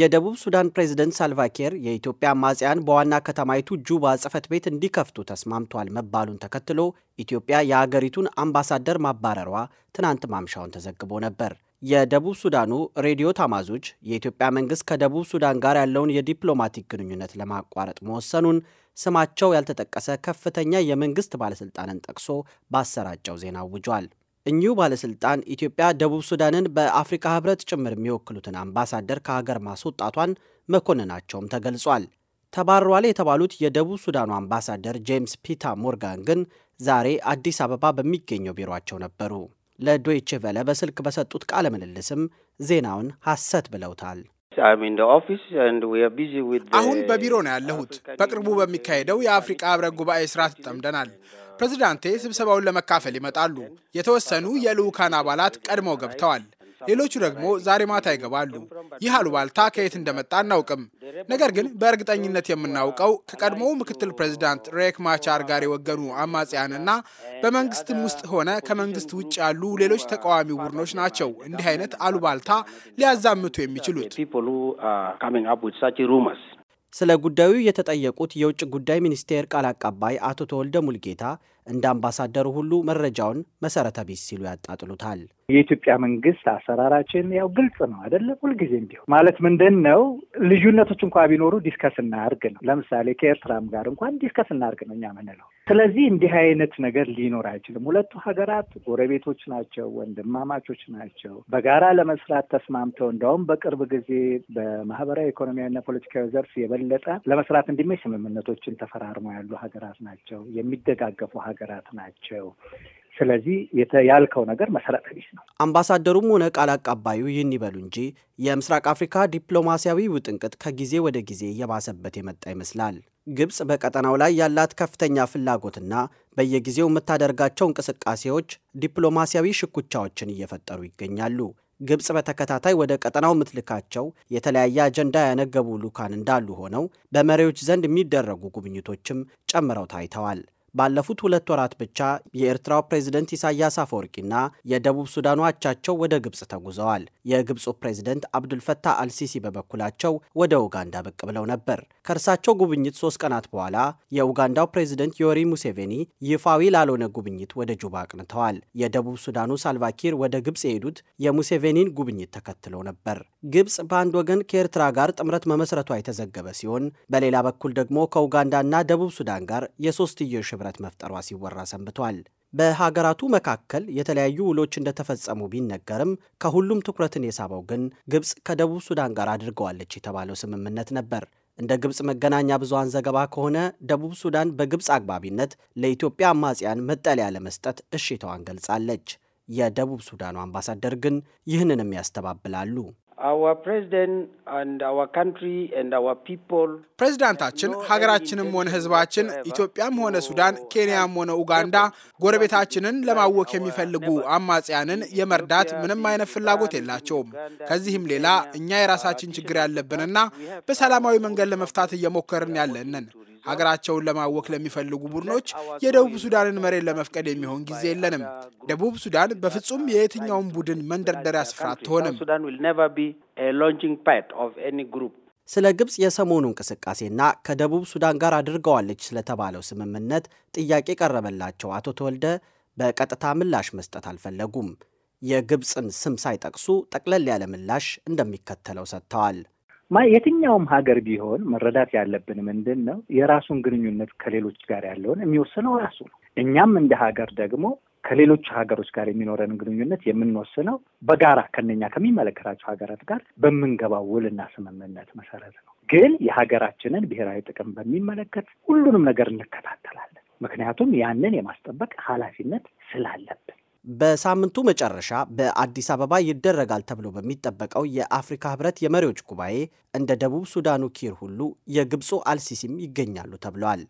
የደቡብ ሱዳን ፕሬዝደንት ሳልቫኪር የኢትዮጵያ አማጽያን በዋና ከተማይቱ ጁባ ጽፈት ቤት እንዲከፍቱ ተስማምቷል መባሉን ተከትሎ ኢትዮጵያ የአገሪቱን አምባሳደር ማባረሯ ትናንት ማምሻውን ተዘግቦ ነበር። የደቡብ ሱዳኑ ሬዲዮ ታማዞች የኢትዮጵያ መንግሥት ከደቡብ ሱዳን ጋር ያለውን የዲፕሎማቲክ ግንኙነት ለማቋረጥ መወሰኑን ስማቸው ያልተጠቀሰ ከፍተኛ የመንግሥት ባለሥልጣንን ጠቅሶ ባሰራጨው ዜና አውጇል። እኚሁ ባለሥልጣን ኢትዮጵያ ደቡብ ሱዳንን በአፍሪካ ህብረት ጭምር የሚወክሉትን አምባሳደር ከሀገር ማስወጣቷን መኮንናቸውም ተገልጿል። ተባረዋል የተባሉት የደቡብ ሱዳኑ አምባሳደር ጄምስ ፒታ ሞርጋን ግን ዛሬ አዲስ አበባ በሚገኘው ቢሮቸው ነበሩ። ለዶይቼ ቬለ በስልክ በሰጡት ቃለ ምልልስም ዜናውን ሐሰት ብለውታል። አሁን በቢሮ ነው ያለሁት። በቅርቡ በሚካሄደው የአፍሪቃ ህብረት ጉባኤ ስራ ተጠምደናል። ፕሬዚዳንቴ ስብሰባውን ለመካፈል ይመጣሉ። የተወሰኑ የልዑካን አባላት ቀድመው ገብተዋል። ሌሎቹ ደግሞ ዛሬ ማታ ይገባሉ። ይህ አሉባልታ ከየት እንደመጣ አናውቅም። ነገር ግን በእርግጠኝነት የምናውቀው ከቀድሞው ምክትል ፕሬዚዳንት ሬክ ማቻር ጋር የወገኑ አማጽያንና በመንግስትም ውስጥ ሆነ ከመንግስት ውጭ ያሉ ሌሎች ተቃዋሚ ቡድኖች ናቸው እንዲህ አይነት አሉባልታ ሊያዛምቱ የሚችሉት። ስለ ጉዳዩ የተጠየቁት የውጭ ጉዳይ ሚኒስቴር ቃል አቀባይ አቶ ተወልደ ሙልጌታ እንደ አምባሳደሩ ሁሉ መረጃውን መሰረተ ቢስ ሲሉ ያጣጥሉታል። የኢትዮጵያ መንግስት አሰራራችን ያው ግልጽ ነው አይደለም? ሁልጊዜም ቢሆን ማለት ምንድን ነው ልዩነቶች እንኳ ቢኖሩ ዲስከስ እናርግ ነው። ለምሳሌ ከኤርትራም ጋር እንኳን ዲስከስ እናርግ ነው እኛ ምንለው። ስለዚህ እንዲህ አይነት ነገር ሊኖር አይችልም። ሁለቱ ሀገራት ጎረቤቶች ናቸው፣ ወንድማማቾች ናቸው። በጋራ ለመስራት ተስማምተው እንደውም በቅርብ ጊዜ በማህበራዊ ኢኮኖሚያዊና ፖለቲካዊ ዘርፍ የበለጠ ለመስራት እንዲመች ስምምነቶችን ተፈራርመው ያሉ ሀገራት ናቸው የሚደጋገፉ ሀገራት ናቸው። ስለዚህ ያልከው ነገር መሰረተ ቢስ ነው። አምባሳደሩም ሆነ ቃል አቀባዩ ይህን ይበሉ እንጂ የምስራቅ አፍሪካ ዲፕሎማሲያዊ ውጥንቅጥ ከጊዜ ወደ ጊዜ እየባሰበት የመጣ ይመስላል። ግብፅ በቀጠናው ላይ ያላት ከፍተኛ ፍላጎትና በየጊዜው የምታደርጋቸው እንቅስቃሴዎች ዲፕሎማሲያዊ ሽኩቻዎችን እየፈጠሩ ይገኛሉ። ግብፅ በተከታታይ ወደ ቀጠናው ምትልካቸው የተለያየ አጀንዳ ያነገቡ ሉካን እንዳሉ ሆነው በመሪዎች ዘንድ የሚደረጉ ጉብኝቶችም ጨምረው ታይተዋል። ባለፉት ሁለት ወራት ብቻ የኤርትራው ፕሬዝደንት ኢሳያስ አፈወርቂና የደቡብ ሱዳኑ አቻቸው ወደ ግብፅ ተጉዘዋል። የግብፁ ፕሬዝደንት አብዱልፈታህ አልሲሲ በበኩላቸው ወደ ኡጋንዳ ብቅ ብለው ነበር። ከእርሳቸው ጉብኝት ሶስት ቀናት በኋላ የኡጋንዳው ፕሬዝደንት ዮሪ ሙሴቬኒ ይፋዊ ላልሆነ ጉብኝት ወደ ጁባ አቅንተዋል። የደቡብ ሱዳኑ ሳልቫኪር ወደ ግብፅ የሄዱት የሙሴቬኒን ጉብኝት ተከትሎ ነበር። ግብፅ በአንድ ወገን ከኤርትራ ጋር ጥምረት መመስረቷ የተዘገበ ሲሆን፣ በሌላ በኩል ደግሞ ከኡጋንዳና ደቡብ ሱዳን ጋር የሶስትዮሽ ህብረት መፍጠሯ ሲወራ ሰንብቷል። በሀገራቱ መካከል የተለያዩ ውሎች እንደተፈጸሙ ቢነገርም ከሁሉም ትኩረትን የሳበው ግን ግብፅ ከደቡብ ሱዳን ጋር አድርገዋለች የተባለው ስምምነት ነበር። እንደ ግብፅ መገናኛ ብዙሃን ዘገባ ከሆነ ደቡብ ሱዳን በግብፅ አግባቢነት ለኢትዮጵያ አማጽያን መጠለያ ለመስጠት እሽታዋን ገልጻለች። የደቡብ ሱዳኑ አምባሳደር ግን ይህንንም ያስተባብላሉ። ፕሬዚዳንታችን ሀገራችንም ሆነ ህዝባችን ኢትዮጵያም ሆነ ሱዳን፣ ኬንያም ሆነ ኡጋንዳ ጎረቤታችንን ለማወክ የሚፈልጉ አማጽያንን የመርዳት ምንም አይነት ፍላጎት የላቸውም። ከዚህም ሌላ እኛ የራሳችን uh, ችግር ያለብንና በሰላማዊ መንገድ ለመፍታት እየሞከርን ያለንን ሀገራቸውን ለማወክ ለሚፈልጉ ቡድኖች የደቡብ ሱዳንን መሬት ለመፍቀድ የሚሆን ጊዜ የለንም። ደቡብ ሱዳን በፍጹም የየትኛውን ቡድን መንደርደሪያ ስፍራ አትሆንም። ስለ ግብፅ የሰሞኑ እንቅስቃሴና ከደቡብ ሱዳን ጋር አድርገዋለች ስለተባለው ስምምነት ጥያቄ ቀረበላቸው አቶ ተወልደ በቀጥታ ምላሽ መስጠት አልፈለጉም። የግብፅን ስም ሳይጠቅሱ ጠቅለል ያለ ምላሽ እንደሚከተለው ሰጥተዋል። የትኛውም ሀገር ቢሆን መረዳት ያለብን ምንድን ነው፣ የራሱን ግንኙነት ከሌሎች ጋር ያለውን የሚወስነው ራሱ ነው። እኛም እንደ ሀገር ደግሞ ከሌሎች ሀገሮች ጋር የሚኖረን ግንኙነት የምንወስነው በጋራ ከነኛ ከሚመለከታቸው ሀገራት ጋር በምንገባው ውልና ስምምነት መሰረት ነው። ግን የሀገራችንን ብሔራዊ ጥቅም በሚመለከት ሁሉንም ነገር እንከታተላለን። ምክንያቱም ያንን የማስጠበቅ ኃላፊነት ስላለብን በሳምንቱ መጨረሻ በአዲስ አበባ ይደረጋል ተብሎ በሚጠበቀው የአፍሪካ ህብረት የመሪዎች ጉባኤ እንደ ደቡብ ሱዳኑ ኪር ሁሉ የግብፁ አልሲሲም ይገኛሉ ተብለዋል።